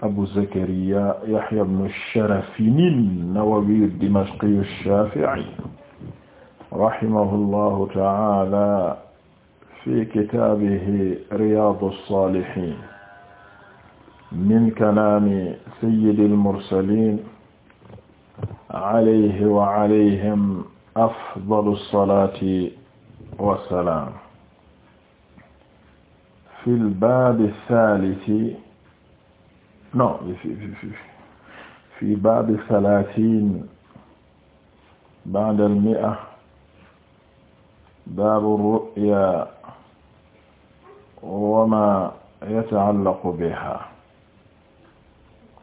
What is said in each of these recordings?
abu zakariya yahya ibnu sharafin nawawi dimashqi shaafi'i rahimahullahu ta'ala fi kitaabihi riyaadu saalihiin min kalaami sayyidil mursaliin alayhi wa alayhim afdalu salaati wa salaam fil baabi saalisi non fi fi fi baabi salaasin ba'da al-mi'a baabu ru'ya wa ma yata'allaqu biha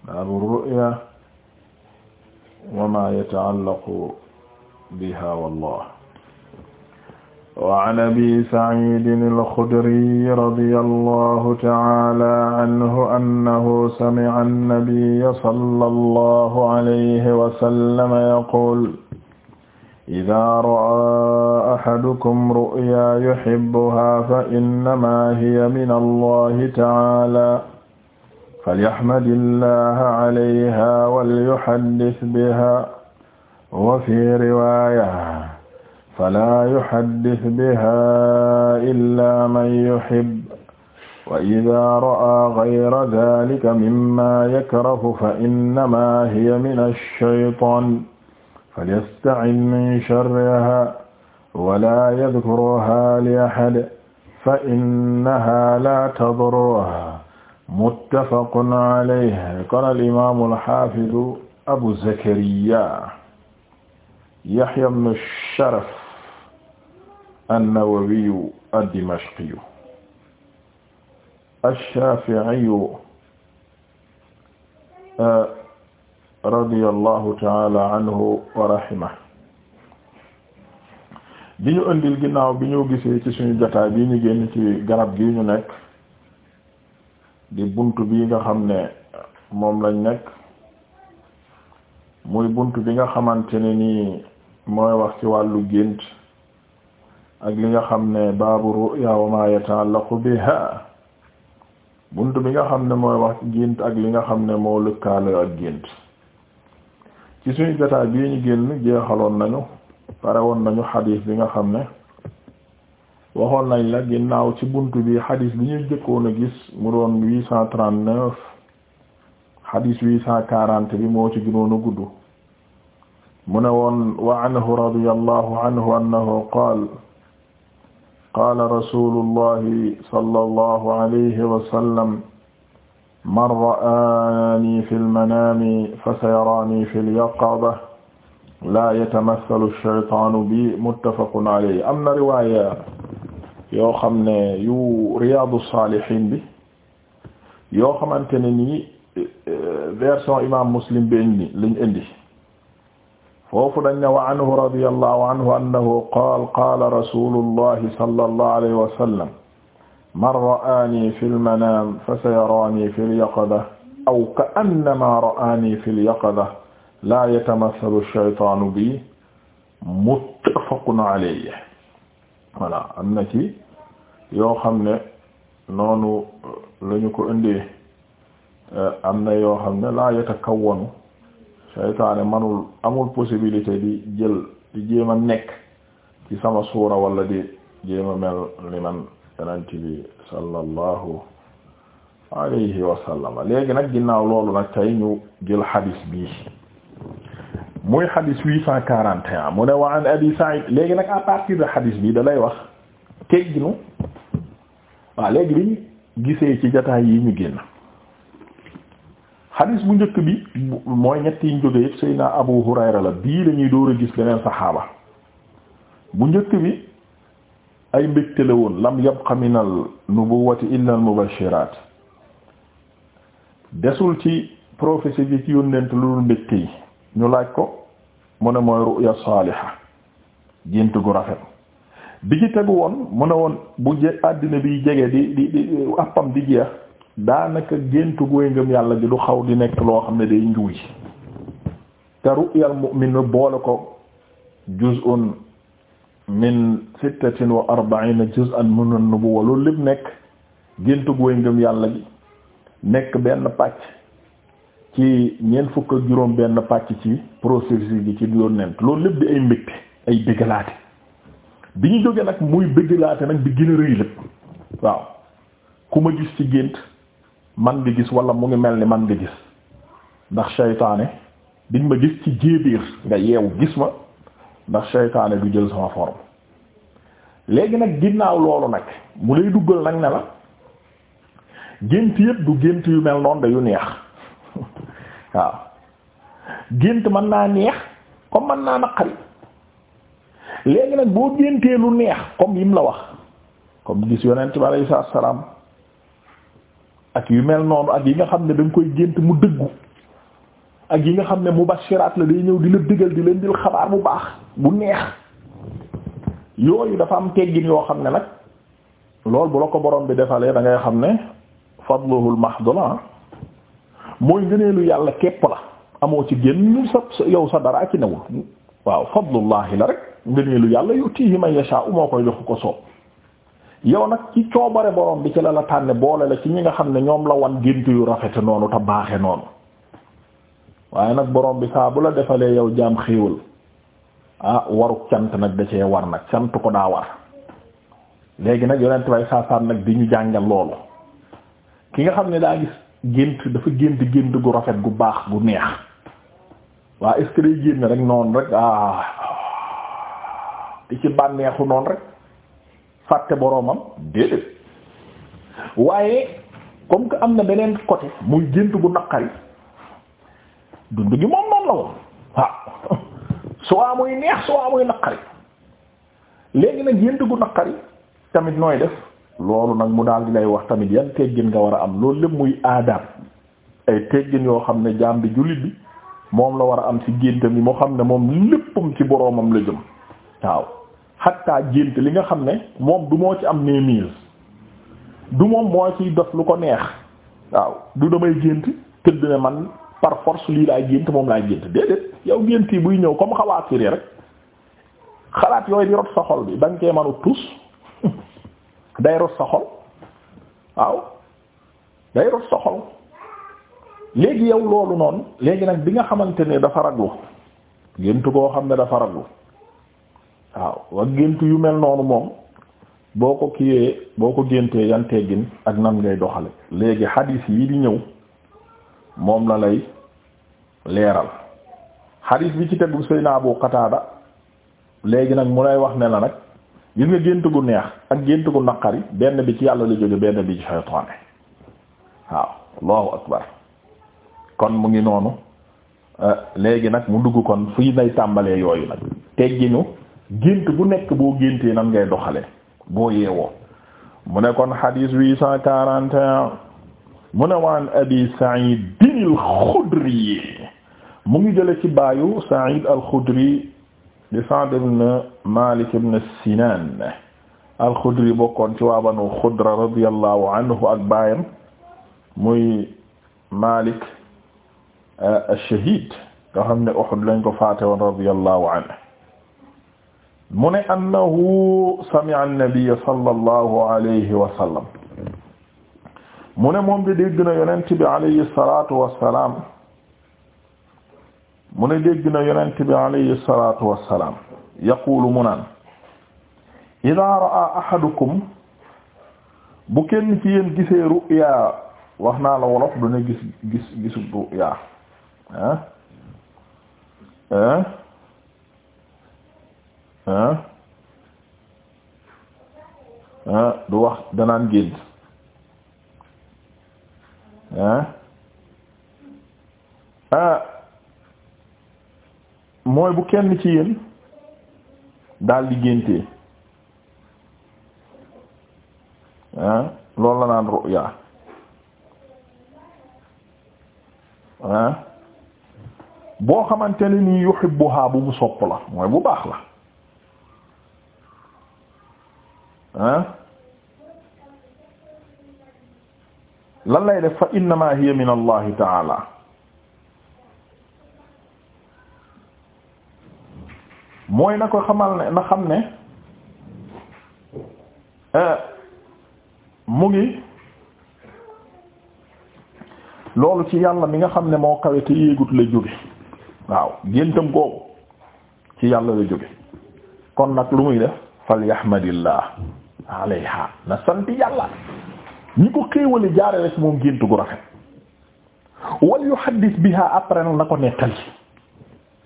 baabu ru'ya wa ma yata'allaqu biha wallah waan abi saciidin alxudriy radiya allahu taala anhu annahu samica annabiya salla allahu alayhi wasallama yaquul idaa ra'aa axadukum ru'yaa yuxibbuhaa fa innamaa hiya min allahi taala falyaxmadi allaha calayha walyaxaddis biha wa fii riwaaya falaa yuhaddis bihaa illaa man yuhib wa idaa ra'aa gayra daalika mimmaa yakrahu fa innamaa hiya mina shaytaan falyasta'iz min sharrihaa wa laa yadkurhaa li ahad fa innahaa laa tadurruhu muttafaqun alayhi qaala al-imaamul haafidu Abu Zakariyaa Yahyaa ibnu Sharaf an-Nawawiyu ad-Dimashqiyu ash-Shafi'iyu radiyallahu ta'ala anhu wa rahimahu bi ñu indil ginnaaw bi ñu gisee ci suñu jotaay bi ñu génn ci garab gi ñu nekk di bunt bi nga xam ne moom lañ nekk muy bunt bi nga xamante ne nii mooy wax ci wàllu gént ak li nga xam ne baabu ru'ya wa ma yata'allaqu biha buntu bi nga xam ne mooy wax gént ak li nga xam ne moo lëkkaale ak gént ci suñu jotaay bii ñu génn jeexaloon nañu pare woon nañu xadiis bi nga xam ne waxoon nañ la ginnaaw ci bunt bi xadiis bi ñu jëkkoon a gis mu doon huit cent trente-neuf xadiis huit cent quarante bi moo ci gënoon a gudd mu ne woon wa anhu radiyallahu anhu annahu qaal qaala rasulullahi sallallahu alayhi wa sallam man ra'aani fil manaami fasayaraani fil yaqaza laa yatamassalu shaytaanu bi muttafaqun alayhi am na riwaaya yoo xam ne yu riyaadu saalihiin bi yoo xamante ne nii eh, eh, version imaam muslim bi indi lañ indi foofu dañ ne wa anhu radiyallahu anhu annahu qaala qaala rasulullahi sallallahu alayhi wa sallam man ra'aani fil manaam fasayaraani fil yaqaza aw ka'annamaa ra'aani fil yaqaza laa yatamassalu shaytaanu bi muttafaqun alayhi voilà am na ci yoo xam ne noonu lañu ko indee am na yoo xam ne laa yatakawwanu saytaane manul amul possibilité di jël di jéem a nekk ci sama suura walla di jéem a mel ni man yonent bi sallallahu alayhi wa sallama léegi nag ginnaaw loolu nag tey ñu jël xadis bi muy xadis huit cent quarante et un mu ne wa an abi Sa'id léegi nag à partir de xadis bi da wax tegginu waaw léegi liñ gisee ci jataay yi ñu génn xadis bu njëkk bi mooy ñett yi ñu jóge yëpp Seydina Abu Hurayra la bii lañuy ñuy door a gis beneen saxaaba bu njëkk bi ay mbégte la woon lam yabqa min al nubuwati illa al mubashiraat desul ci prophétie bi ci yónnent lu dul mbégte ñu laaj ko mu ne mooy ruya saaliha gént gu rafet bi ci tegu woon mu ne woon bu je àddina biy jege di di di appam di jeex daanaka gént gooy ngëm yàlla gi du xaw di nekk loo xam ne day njuuy te ru'yal mu'min boole ko juz'un min sittatin wa arba'ina juz'an min an wa loolu lépp nekk gént gooy ngëm yàlla gi nekk benn pàcc ci ñeent fukk ak juróom benn pàcc ci processus bi ci yonent loolu lépp di ay mbégte ay bëggalaate bi ñu jógee nag muy bëggalaate nag di gën a rëy lépp waaw ku ma gis ci gént man nga gis wala mu ngi mel ni man nga gis ndax seytaane diñ ma gis ci jéebéer nga yeewu gis ma ndax seytaane du jël sama forme léegi nag ginnaaw loolu nag mu lay duggal nag ne la gént yëpp du gént yu mel noonu da yu neex waaw gént mën naa neex comme man naa naqari léegi nag boo géntee lu neex comme yim la wax comme gis yonent bi alayhi salaam ak yu mel noonu ak yi nga xam ne da koy gént mu dëggu ak yi nga xam ne mubashiraat la day ñëw di la digal di leen dil xabaar bu baax bu neex yooyu dafa am teggin yoo xam ne nag loolu bu la ko borom bi defalee dangay xam ne fadluhul mahdula ah mooy ngëneelu yàlla képp la amoo ci génn sa yow sa dara ak newul waaw fadlullahi la rek ngëneelu yàlla yutihi man yasha'u moo koy jox ko soob yow nag ci coobare borom bi ci la la tànne boole la ci ñi nga xam ne ñoom la wan gént yu rafete noonu te baaxe noonu waaye nag borom bi saa bu la defalee yow jaam xéewal ah waru cant nag da cee war nag sant ko daa war léegi nag yonent bay saasaan nag di ñu jàngal loolu ki nga xam ne daa gis gént dafa gént gént gu rafet gu baax gu neex waa est-ce génn rek noonu rek ah ci bànneexu noonu rek fàtte boroomam déedéet waaye comme que am na beneen côté muy gént bu naqari dund gi moom noonu la woon waaw soit muy neex soit muy naqari léegi nag gént bu naqari tamit nooy def loolu nag mu daal di lay wax tamit yan teggin nga war a am loolu lépp muy aadaab ay teggin yoo xam ne jaam bi jullit bi moom la war a am ci géntam bi moo xam ne moom léppam ci boroomam la jëm waaw xattaa gént li nga xam ne moom du moo ci am ne mise du moom moo ciy def lu ko neex waaw du damay gént tëdd ne man par force lii laay gént moom laay gént déedéet yow gént yi buy ñëw comme xawaatir yi rek xalaat yooyu di rot sa xol bi da nga koy mënu tus day rot sa xol waaw day rot sa xol léegi yow loolu noonu léegi nag bi nga xamante ne dafa raglu gént koo xam ne dafa raglu waaw wax gént yu mel noonu moom boo ko kiyee boo ko géntee yan teggin ak nan ngay doxale léegi xadiis yi di ñëw moom la lay leeral xadiis bi ci tegu Seydina bu Qataada léegi nag mu lay wax ne la nag gis nga gént gu neex ak gént gu naqari benn bi ci yàlla la jóge benn bi ci seytaane waaw allahu akbar kon mu ngi noonu euh, léegi nag mu dugg kon fii nay tàmbalee yooyu nag tegginu gént bu nekk boo géntee nan ngay doxale boo yeewoo mu ne kon xadiis mu ne waan abi Sa'id al-Khudri mu ngi jële ci baayu Sa'id al-Khudri di ibn Malik ibn Sinan al-Khudri bokkoon ci waa Banu Khudra radiyallahu ak baayam muy Malik euh, ash-Shahid nga xam ne Uhud lañ ko faate woon radiyallahu anhu mu ne annahu sami'a an-nabiy sallallahu alayhi wa sallam mu ne moom di dégg na yonent bi alayhi salatu wassalaam mu ne dégg na yonent bi alayhi salatu wassalaam yaqulu mu naan idaa ra'a ahadukum bu kenn ci yéen gisee ru'ya wax naa la wolof dana gis gis gisu ru'ya ah ah wax danaan gént ah mooy bu kenn ci yéen daal di géntee ah loolu la naan ruya ah boo xamante ne nii yuhibbuha bu mu sopp la mooy bu baax la ah lan lay def fa innama hiya min allah taala mooy na ko xamal ne na xam ne euh, mu ngi loolu ci yàlla mi nga xam ne moo kawe te yéegut la jóge waaw géntam googu ci yàlla la jóge kon nag lu muy def fal yahmadillah na sant yàlla ñi ko xéewali jaarale ci moom gént gu rafet wal yuhaddis biha après na ko nettali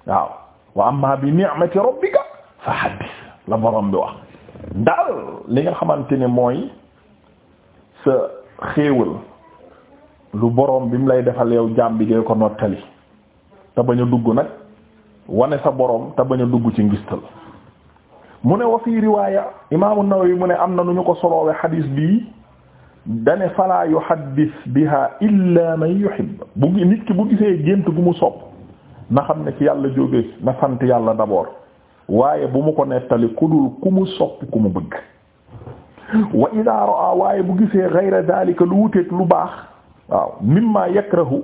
waaw wa amma bi ni'mati rabbika fa haddis la borom bi wax daal li nga xamante ne mooy sa xéewal lu borom bi mu lay defal yow jaam bi ko nottali te bañ dugg nag wane sa borom te bañ a dugg ci ngistal mu ne wa fii riwaaya imaamu Nawawi mu ne am na lu ñu ko soloowe xadiis bii dane fala yuhaddis biha illa man yuhib bu bu gisee gént gu mu sopp na xam ne ci yàlla jóge na sant yàlla d'abord waaye bu mu ko nettali ku dul ku mu sopp ku mu bëgg wa idaa raa waaye bu gisee ghayra daalika lu wuteek lu baax waaw mimma yakrahu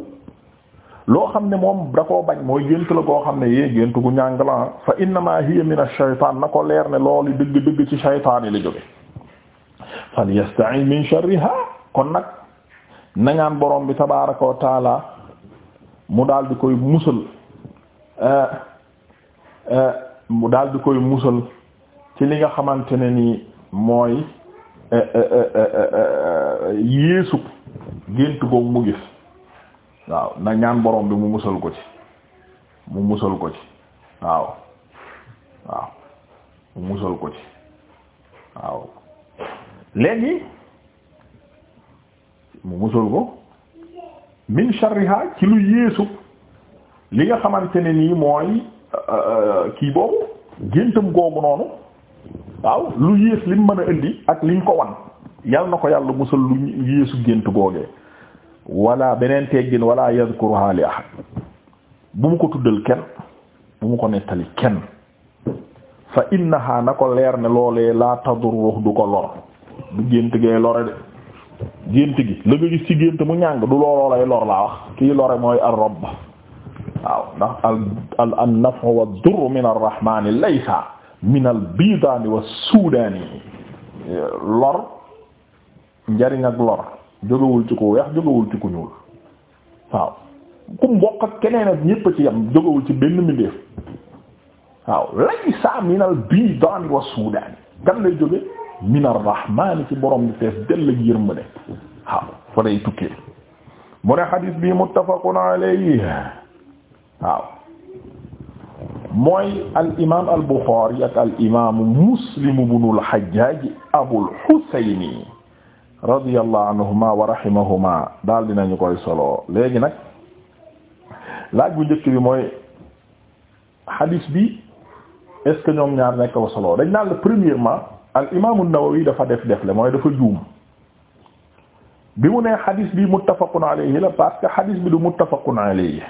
loo xam ne moom da koo bañ mooy gént la koo xam ne yee gént gu ñàng la fa innamaa hiya min a shaytaan na ko leer ne loolu dëgg dëgg ci shaytaan yi jóge fal yasta'in min sharriha kon nag na ñaan borom bi tabaaraka wa taala mu daldi di koy musal eh, eh, mu daldi di koy musal ci li nga xamante ne ni mooy eh, yéesu gént ko mu gis waaw na ñaan borom bi mu musal ko ci mu musal ko ci waaw waaw mu musal ko ci waaw léegi mu musal ko min sharriha ci lu yéesu li nga xamante ne nii mooy euh, kii boobu géntam googu noonu waaw lu yées lim mën a indi ak liñ ko wan yal na ko yàlla musal lu yéesu gént googee wala beneen teggin wala yadhkuruha li ahad bu mu ko tuddal kenn bu mu ko nettali kenn fa innaha na ko leer ne loolee laa tadurruh du ko lor du gént gay lore de gént gi la nga gis ci gént mu ñàng du looloo lay lor laa wax kii lore mooy al robb waaw ndax al al al nafu wa durr min al rahmaani laysa min al biidaani wa suudaani lor njariñ ak lor jógewul ci ku weex jógewul ci ku ñuul waaw ku mbokk ak keneen ak ñépp ci yam jógewul ci benn mbindeef waaw laysa min al biidaani wa suudaani kan lay jóge min ar-rahmaan ci borom bi fees dell ak yërmande waaw fa lay tukkee mu ne xadis bi muttafaqun alayhi waaw mooy al imaam ak al imaamu muslim ibnul xajjaaj abul xusayni radiyallahu anhuma wa rahimahuma daal dinañu koy solo léegi nag laaj bu njëkk bi mooy xadis bi est ce que ñoom ñaar nekk ko solo dañ naan la premièrement. al imaamu Nawawi dafa def def le mooy dafa juum bi mu nee xadis bi muttafaqun alayhi la parce que xadis bi du muttafaqun alayhi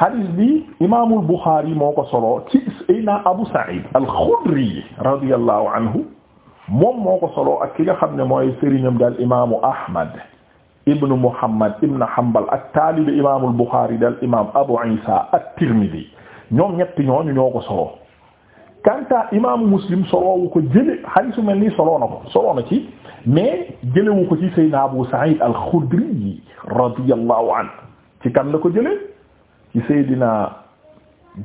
xadis bi imaamul Buxaari moo ko solo ci Seydina Abu Saïd al-Xudri radiyallahu anhu moom moo ko solo ak ki nga xam ne mooy sëriñam daal imaamu Ahmad ibn Muhammad ibn Hanbal ak taalibi imaamul Buxaari daal imaam Abu Isa at-Tirmidhi ñoom ñetti ñooñu ñoo ko solo. kanta imaamu muslim soloowu ko jële xadiis su mel nii soloo na ko soloo na ci mais jëlewu ko ci Seydina Abu Sa'id al-Khudri radiyallahu anhu ci kan la ko jële ci Seydina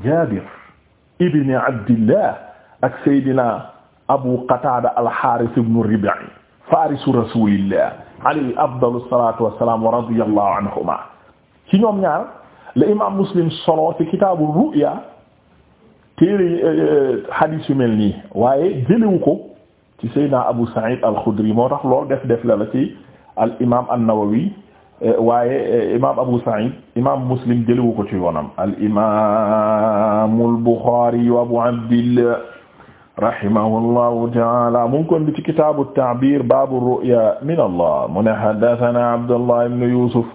Jaabir ibn Abdillah ak Seydina Abu Qatada al-Harith ibn Rib'i farisu rasulillah alayhi afdalu salatu wassalam wa radiyallahu anhuma ci ñoom ñaar la imaam muslim solo ci kitaabu ru'ya téere euh, euh, hadis yu waaye jëlewu ko ci Seydina Abu Sa'id al moo tax lool def def la la ci al imaam euh, waaye imaam Abu Sa'id imaam Muslim jëlewu ko ci yoonam al imaam al-Bukhari wa Abu ta'ala mu ngi kon di tabir baabu ru'ya min Allah mu Abdullah ibn Yusuf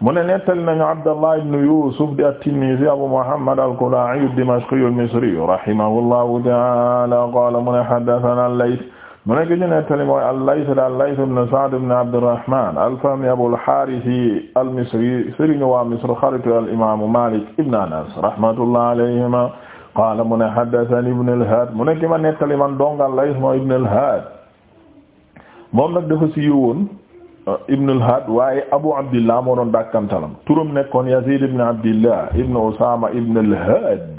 mu ne nettali nañu Abdallah ibn Yusuf di at-Tinnisi Abu Muhammad al-Kala'i ad-Dimashqi al-Misri rahimahullahu ta'ala qala mu ne haddathana al-Layth mu ne ki ñu nettali mooy al-Layth da al-Layth ibn Sa'd ibn Abdurrahman al-Fahmi Abu al-Harith al-Misri sëriñu waa Misr xaritu al-imam Malik ibn Anas rahmatullahi alayhima qala mu ne haddathani ibn al-Had mu ne ki ma nettali man dongal Layth mooy ibn al-Had moom nag dafa siiwoon Euh, ibn al-Had waaye Abu Abdillah moo doon dàkkantalam turam nekkoon Yazid ibn Abdillah ibn Usama ibn al-Had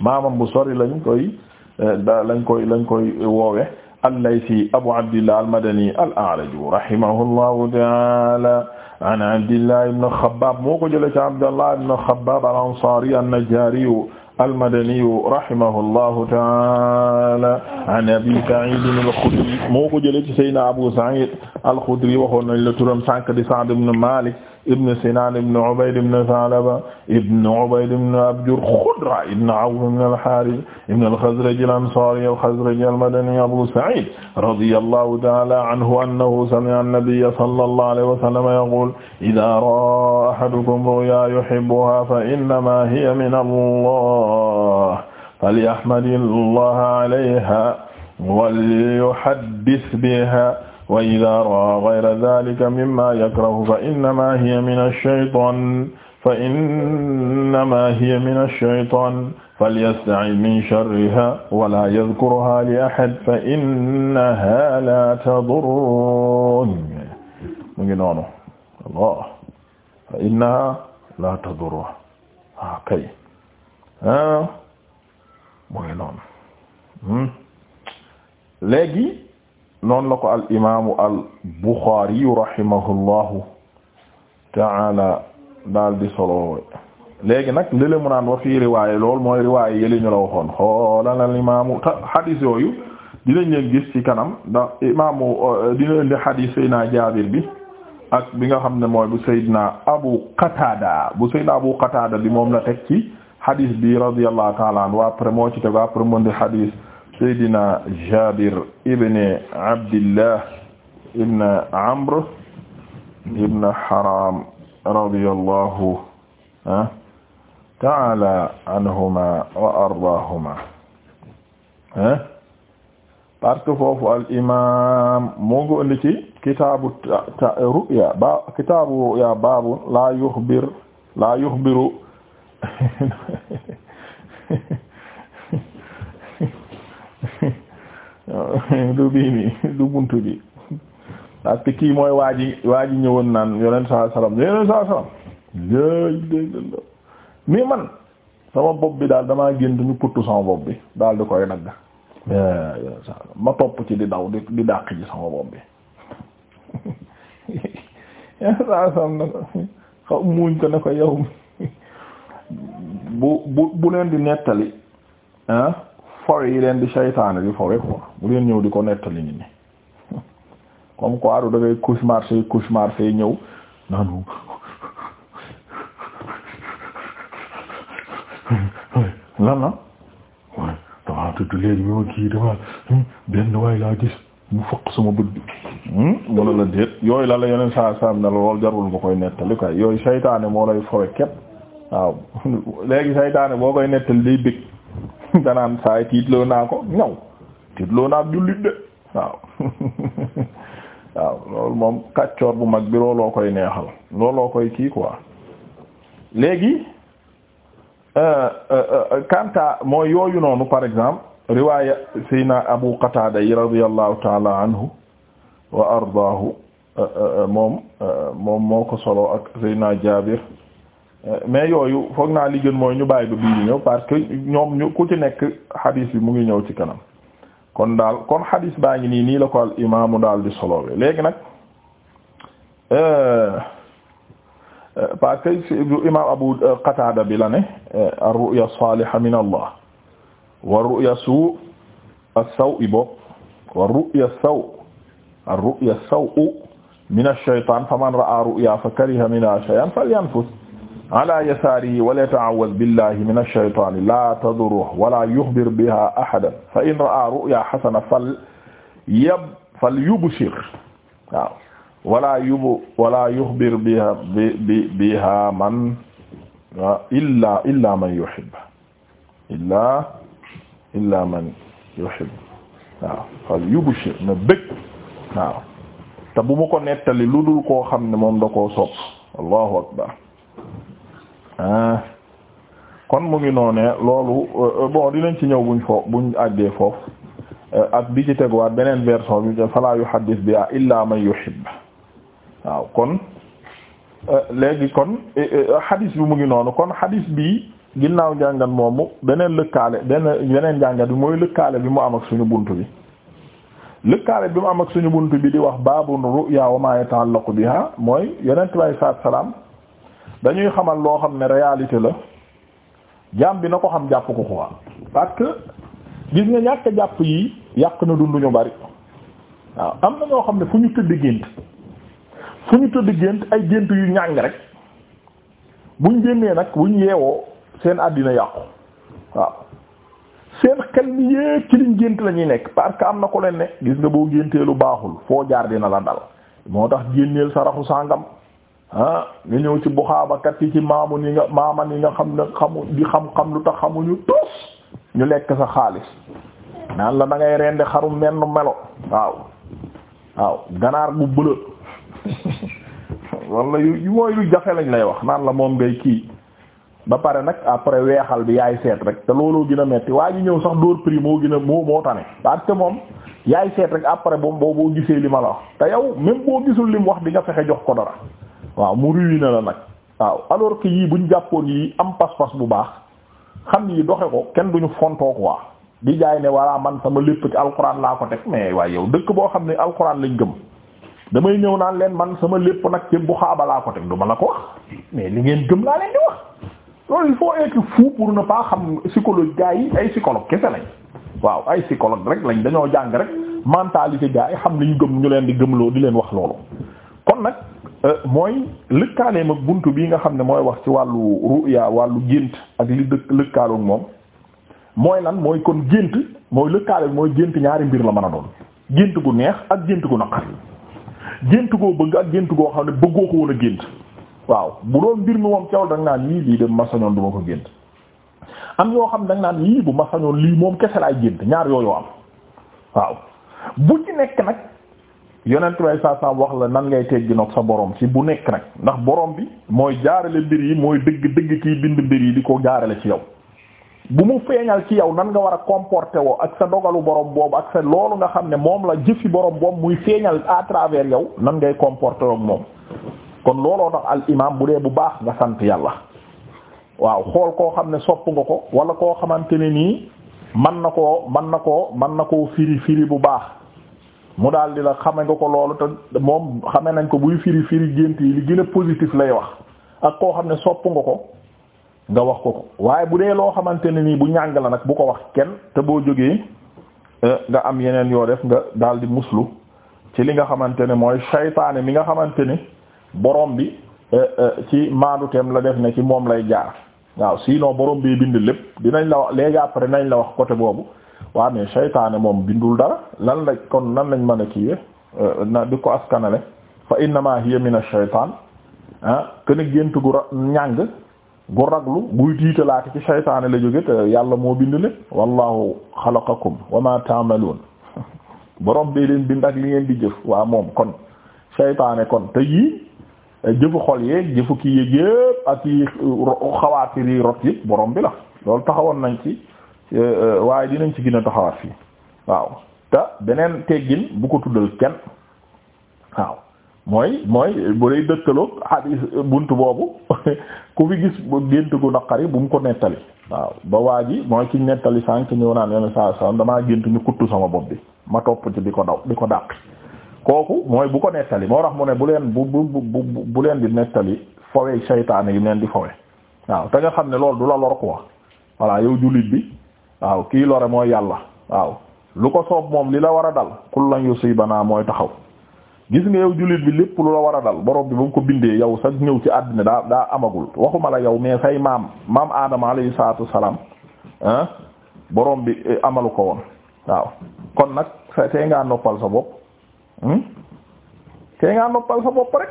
maamam bu sori lañ koy euh, lañ koy lañ koy woowe al-Laythi Abu Abdillah al-Madani al-A'raj rahimahullahu ta'ala an Abdillah ibn Khabbab moo ko jëlee ci Abdallah ibn Khabbab al-Ansari an-Najjari almadaniyu rahimahullahu taala an abi Saïd al-Khudri moo ko jëlee ci Seydina Abu Saïd al-Khudri waxoon nañ la turam sànq di Sa'd ibn Malik ibn Sinan ibn Ubayd ibn Thalaba ibn Ubayd ibn Abjur Khudra ibn Awf ibn al-Harith ibn al-Khazraj al-Ansari al-Khazraji al-Madani Abu Sa'id radiyallahu ta'ala anhu annahu sami'a an-nabiyya sallallahu alayhi wa sallam yaqul idha ra'a ahadukum ru'ya yuhibbuha fa innama hiya min Allah falyahmadillaha alayha wa liyuhaddith biha wa idha ra'a ghayra dhalika mimma yakrahu fa innama hiya min ash-shaytan fa innama hiya min ash-shaytan falyasta'id min sharriha wa la yadhkurha li ahad fa innaha la tadurrun mu ngi noonu Allah fa innaha la tadurru ah kay ah mu ngi noonu hmm? léegi noonu la ko al imaamu al Buxaari rahimahullahu taala daal di soloowe léegi nag lële mu naan wa fii riwaaye lool mooy riwaaye yële ñu la waxoon xoolal al imaamu ta yooyu dinañ leen gis ci kanam ndax imaamu dina indi xadiis Seydina Jaabir bi ak bi nga xam ne mooy bu Seydina Abu Qatada bu Seydina Abu Qatada bi moom la teg ci xadiis bi radiyallahu taala anhu après moo ci teg après mu indi xadiis Seydina Jabir ibn Abdillah ibn Amr ibn Haram radiyallahu ta'ala anhuma wa ardaahuma parce que foofu al imaam moo ngi indi ci kitaabu ru'ya ba kitaabu ru'ya baabu laa yuxbir laa yuxbiru du bii bi du buntu bi parce kii mooy waa ji waa ji ñëwoon naan yonent saa salaam yonent saa salaam yéy man sama bopp bi daal damaa gént ñu puttu sama bopp bi daal di koy nagg ma topp ci di daw di di ji sama bopp bi yonent saa salaam na xaw muuñ ko ne ko yow bu bu bu leen di nettali ah fowe yi leen di saytaane di fowe quoi bu leen ñëw di ko nettali ñu ni comme quoi du dangay cauchemar say cauchemar say ñëw naanu lan la waaye damaa tëdd léegi bi ma kii damaa hmm, benn waay laa gis mu fokk sama bët bi wala hmm? la déet yooyu la la yeneen saa saam ne lool jarul nga koy nettali quoi yooyu saytaane moo lay fowe képp waaw léegi saytaane boo koy nettali day bëgg danaan saay tiitloo naa ko ñaw tiitloo naa jullit de waaw moom kàccoor bu mag bi looloo koy neexal looloo koy kii quoi léegi euh, euh, euh, kanta mooy yooyu noonu par exemple riwaya sayna Abu Qatada yi radiyallahu taala anhu wa ardaahu moom moom moo ko solo ak sayna Jaabir mais yooyu foog naa li gën mooy ñu bàyyi ba bii di ñëw parce que ñoom ñu ku ci nekk xadis mu ngi ñëw ci kanam kon daal kon xadis baa ngi nii nii la ko al imaamu daal di solowee léegi nag euh, parce que imaam abu qatada bi la ne euh, ar-ru'ya as-saliha min allah wa ru'ya suu as-sawi bopp wa ru'ya as-saw ar-ru'ya as-saw min ash-shaytan faman ra'a ru'ya fa kariha minha shay'an ala yasaarihi wala yataawaz billahi min ash-shaytaani la tadurruhu wala yuxbir biha ahadan fa in ra'a ru'ya hasana fal yab fal yubshir waaw wala yub wala yuxbir biha bi biha man illa illa man yuhib illa illa man yuhib waaw fal yubshir na bëgg waaw te bu mu ko nettali lu dul koo xam ne moom da koo sopp allahu akbar Ah. kon mu ngi noonee loolu euh, bon dinañ ci ñëw buñ foofu buñ àggee foofu euh, ak bi ci teguwaat beneen version bi fala yuhaddis biha illa man yuhib waaw kon euh, léegi kon hadis bi mu ngi noonu kon hadis bi ginnaaw njàngat moomu beneen lëkkaale beneen beneen njàngat bi mooy lëkkaale bi mu am ak suñu bunt bi lëkkaale bi mu am ak suñu bunt bi di wax babun ru'ya wa ma bi biha mooy yeneen bi sallallahu alayhi dañuy xamal loo xam ne réyalité la jaam bi na ko xam jàpp ko quoi parce que gis nga ñàkk jàpp yi yàq na dundu ñu bari waaw am na ñoo xam ne fu ñu tëdd gént fu ñu tëdd gént ay gént yu ñàng rek buñ génnee nag ñu yeewoo seen àddina yàqu waaw seen xel mi yépp ci liñ gént la nekk parce que am na ko leen ne gis nga boo géntee lu baaxul foo jaar dina la dal moo tax génneel saraxu sàngam ah nga ñëw ci buxaabakat yi ci maamu ni nga maaman yi nga xam ne xamu di xam-xam lu tax xamuñu tos ñu lekk sa xaalis naan la dangay ngay rendi xaru menn melo waaw waaw ganaar bu bëla wala yu mooy lu jafe lañ lay wax naan la moom ngay kii ba pare nag après weexal bi yaay seet rek te looloo gën a metti waa ji ñëw sax dóor prix moo gën a moo moo tane que moom yaay seet rek après boobu boo gisee li ma la wax te yow même boo gisul lim wax di nga jox ko dara waaw mu ruiné la nag waaw alors que yii buñ jàppoon yi am pas-pas bu baax xam ni doxe ko kenn du duñu fontoo quoi di jaay ne walla man sama lépp ci alxuraan laa ko teg mais waaye yow dëkk boo xam ne alxuraan lañ gëm damay ñëw naan leen man sama lépp nag ci bu xaaba laa ko teg du ma ko mais li ngeen gëm laa leen di wax loolu il faut pour ne pas xam psychologue gars yi ay psychologue kese lañ waaw ay psychologue rek lañ dañoo jàng rek mentalité gars yi xam li ñu gëm ñu leen di gëmloo di leen wax loolu kon nag Euh, mooy lëkkaaleem ak bunt bii nga xam ne mooy wax ci wàllu ruya wàllu gént ak li dëkk lëkkaaloog moom mooy lan mooy kon gént mooy lëkkaaleeg mooy gént ñaari mbir la mën a doon gént gu neex ak gént gu naqar gént goo bëgg ak gént goo xam ne bëggoo ko woon a gént waaw bu doon mbir mi moom cawal danga naan lii lii de ma du ko gént am yoo xam ne naan lii bu ma lii moom kese laay gént ñaar yooyu am waaw bu ci nekk nag yonent way saa saa wax la nan ngay tegginoog sa boroom si bu nekk nag ndax boroom bi mooy jaarale mbir yi mooy dëgg dëgg kiy bind mbir yi di ko jaarale ci yow bu mu feeñal ci yow nan nga war a comporté woo ak sa dogalu borom boobu ak sa loolu nga xam ne moom la jëfi borom boobu muy feeñal à travers yow nan ngay comporté woo ak moom kon looloo tax al imam bu dee bu baax nga sant yàlla waaw xool koo xam ne sopp nga ko wala koo xamante ne nii man na koo man na koo man na koo firi firi bu baax mu daal di la xame nga ko loolu te moom xame nañ ko buy firi firi gént yi li gën a positif lay wax ak koo xam ne sopp nga ko nga wax ko ko waaye bu dee loo xamante ne nii bu ñàng la nag bu ko wax kenn te boo jógee eh, nga am yeneen yoo def nga daal di muslu ci li nga xamante ne mooy saytaane mi nga xamante ne borom bi eh, eh, ci maanuteem la def ne ci moom lay jaar waaw sinon borom bi bind lépp dinañ la wax léegi après nañ la wax côté boobu. waa mais seytaane moom bindul dara lan lañ kon nan lañ mën a kiiwe euh, na di ko askanale fa innama hiya min ash-shaytaan ah gént gu ra ñàng gu raglu guy tiitalaate ci seytaane la jóge te yàlla moo bind leen wallahu xalaqakum wa ma ta'maluun borom bee leen bind ak li ngeen di jëf waa moom kon seytaane kon te yii jëfu xol yeeg jëfu kii yeeg yëpp ak yi xawaatir yi rot yëpp borom bi la loolu taxawoon nañ ci Euh, waaye dinañ ci gën a taxawaat fii waaw te beneen teggin bu ko tuddal kenn waaw mooy mooy bu lay dëkkaloog xadiis bunt boobu ku fi gis gént gu naqari bu mu ko nettali waaw ba waa ji mooy ki nettali sànq ñëw naan yenn saa saa damaa gént ñu kuttu sama bopp bi ma topp ci di ko daw di ko dàq kooku mooy bu ko nettali moo tax mu ne bu leen bu bu bu bu leen di nettali fowee seytaane yi leen di fowe waaw te nga xam ne loolu du la lor quoi bi. waaw kii lore mooy yàlla waaw lu ko soob moom li la war a dal si yusibana mooy taxaw gis nga yow jullit bi lépp lu la war a dal borom bi ba mu ko bindee yow sax ñëw ci àddina daa daa amagul waxuma la yow mais say maam maam Adama alayhi salaatu salaam ah borom bi eh, amalu ko woon waaw kon nag tey ngaa noppal sa bopp hmm? tey ngaa noppal sa bopp rek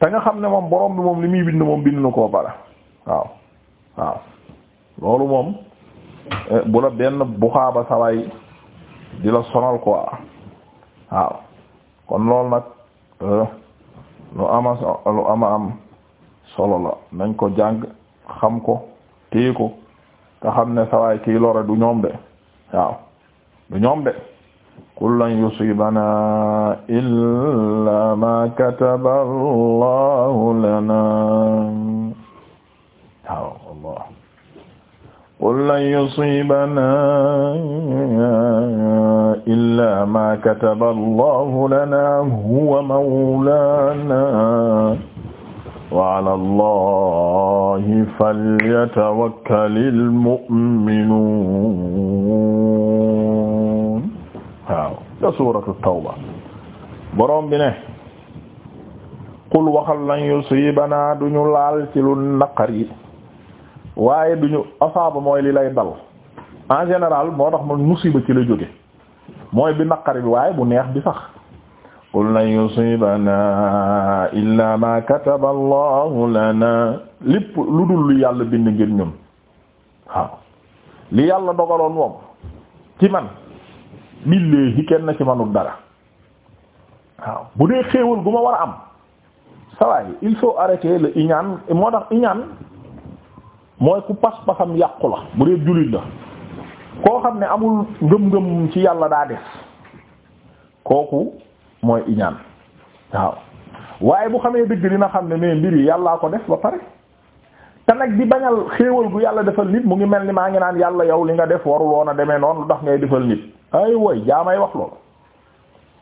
te nga xam ne moom borom bi moom li muy bind moom bind na koo bare waaw waaw loolu moom. Eh, bu la benn buxaaba saway di sonal quoi waaw kon loolu nag eh, lu lu ama am solo la nañ ko jàng xam ko téye ko xam ne sawaay kii lore du ñoom de du ñoom de kul lan ma kataba allahu qul lan yusiibanaa illaa maa kataba allahu lanaa huwa mawlaanaa wa alaa allahi falyatawakkalil mu'minuun waaw da suuratu tawba boroom bi ne qul waxal lan yusiibanaa duñu laal ci lu naqari waaye duñu asaaba mooy li lay dal en général moo tax man musiba ci la jóge mooy bi naqari bi waaye bu neex bi sax qul lan yusibana illa ma kataba lana lépp lu dul lu yàlla bind ngir ñun waaw li yàlla dogaloon moom ci man billaahi kenn ci manul dara waaw bu dee xéewal gu ma war a am sawaay il faut arrêter le iñaan moo tax iñaan mooy ku pas-pasam yàqu la bu dee jullit la koo xam ne amul ngëm-ngëm ci yàlla daa des kooku mooy iñaan waaw waaye bu xamee dëgg dina xam ne mais mbir yi yàllaa ko def ba pare te nag di bañal xéewal gu yàlla defal nit mu ngi mel ni maa ngi naan yàlla yow li nga def waruloon a demee noonu lu tax ngay defal nit ay woy jaamay wax loolu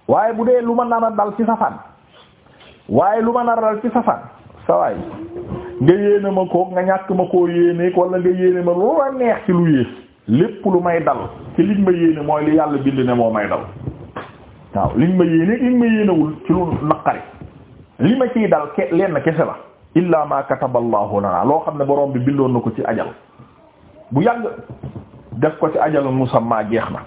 waaye bu dee lu ma nar dal ci safaan waaye lu ma nar a dal ci safaan sawaay nga yéene ma ko nga ñàkk ma koo yéeneeg wala nga yéene ma lu la neex ci lu yées lépp lu may dal ci liñ ma yéene mooy li yàlla bind ne moo may dal waaw liñ ma yéeneeg liñ ma yéenewul ci lu naqari li ma ciy dal ke lenn kese la illaa ma kataballahu lana loo xam ne borom bi bindoon na ko ci ajal bu yàgg def ko ci ajalu musamma jeex na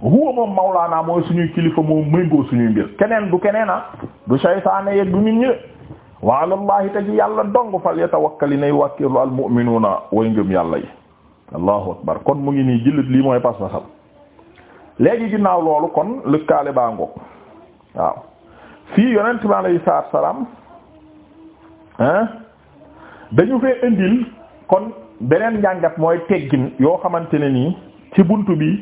huwa moom mawlaana mooy suñuy kilifa moom méngoo suñuy mbir keneen du keneen ah du saytaane yeeg du nit ñi wa alallahi te ci yàlla dong fal yatawakkali nay wàkkirlu al mu'minuuna way ngëm yàlla yi allahu akbar kon mu ngi nii jullit lii mooy pas-pasam léegi ginnaaw loolu kon lëkkaale baa ngoog waaw fii yonent bi sa salaatu salaam hein dañu fee indil kon beneen njàngat mooy teggin yoo xamante ne nii ci bunt bi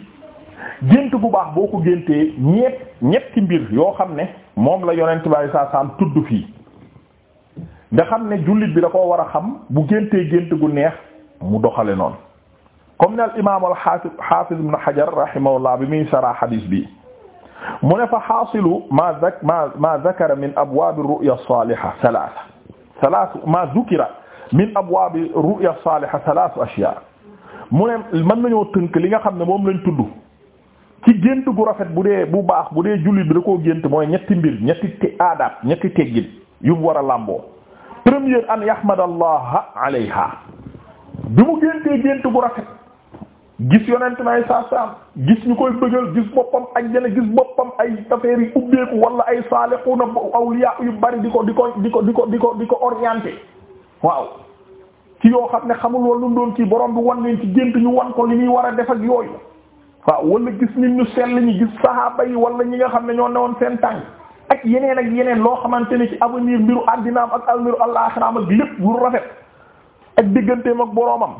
gént bu baax boo ko géntee ñett ñetti mbir yoo xam ne moom la yonent bi alayhi salaatu salaam tudd fii nga xam ne jullit bi la ko war a xam bu génte gént gu neex mu doxale noonu comme ne al imaam al xaafis xaafis ibn Hajar rahimahullah bi muy saraa xadiis bi mu ne fa xaasilu ma zak ma ma zakara min abwaabi ru'ya saaliha salaasa salaasa ma mu ne mën nañoo tënk li nga xam ne moom lañ tudd ci gént gu rafet bu dee bu baax bu dee jullit bi da koo gént mooy ñetti mbir ñetti aadaab ñetti teggin yu mu war a làmboo première an yahmadallah alayha bi mu géntee gént bu rafet gis yonent yi saa saam gis ñu koy bëggal gis boppam ajjana gis boppam ay affaires yi ubbeeku wala ay saalixuuna awliya yu bari di ko di ko di ko di ko di ko di ko orienté waaw ci yoo xam ne xamul woon lu doon kii borom bi wan leen ci gént ñu wan ko li ñuy war a def yooyu waaw wala gis nit ñu sell ñi gis sahaaba yi wala ñi nga xam ne ñoo newoon seen tànk ak yeneen ak yeneen loo xamante ne ci avenir mbiru àddinaam ak almiru àllaxiraam ak lépp lu rafet ak digganteem ak boroomam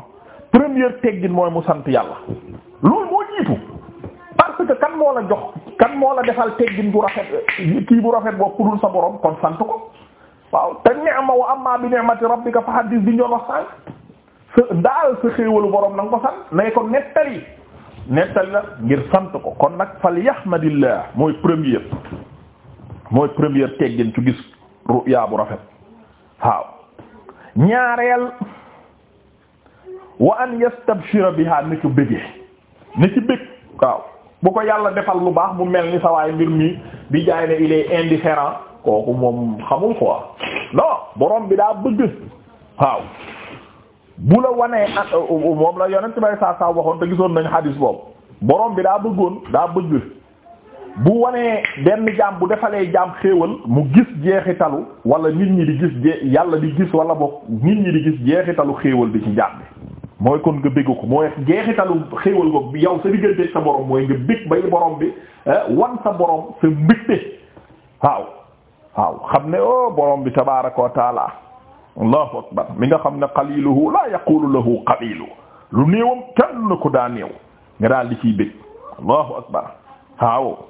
première teggin mooy mu sant yàlla loolu moo jiitu parce que kan moo la jox kan moo la defal teggin bu rafet kii bu rafet boo kudul sa borom kon sant ko waaw te ni'ma wa amma bi ni'mati rabbika fa hadith di njoon wax sànq sa daal sa xéewalu borom na nga ko sant nay ko nettali nettali la ngir sant ko kon nag fal yahmadillah mooy première mooy première teggin ci gis ruyaa bu rafet waaw ñaareel wa an yastabshira biha ni ci bëggee ni ci bëgg waaw bu ko yàlla defal lu baax mu mel ni sawaay mbir mi di jaay ne il indifférent kooku moom xamul quoi non borom bi daa bëgg waaw bu la wanee moom la yonent bay saa saa waxoon te gisoon nañ xadis boobu borom bi daa bëggoon daa bëgg bu wanee benn jaam bu defalee jaam xéewal mu gis jeexitalu wala nit ñi di gis yàlla di gis wala boog nit ñi di gis jeexitalu xéewal bi ci jaam bi mooy kon nga bégg ko mooy jeexitalu xéewal ko yow sa diggante sa borom mooy nga bég bay borom bi eh, wan sa borom sa mbégte waaw waaw xam ne oh borom bi tabaaraka wa allahu akbar mi nga xam ne qaliluhu la yaqulu lahu qabilu lu néewam kenn ko daa néew nga daal di ciy bég allahu akbar waaw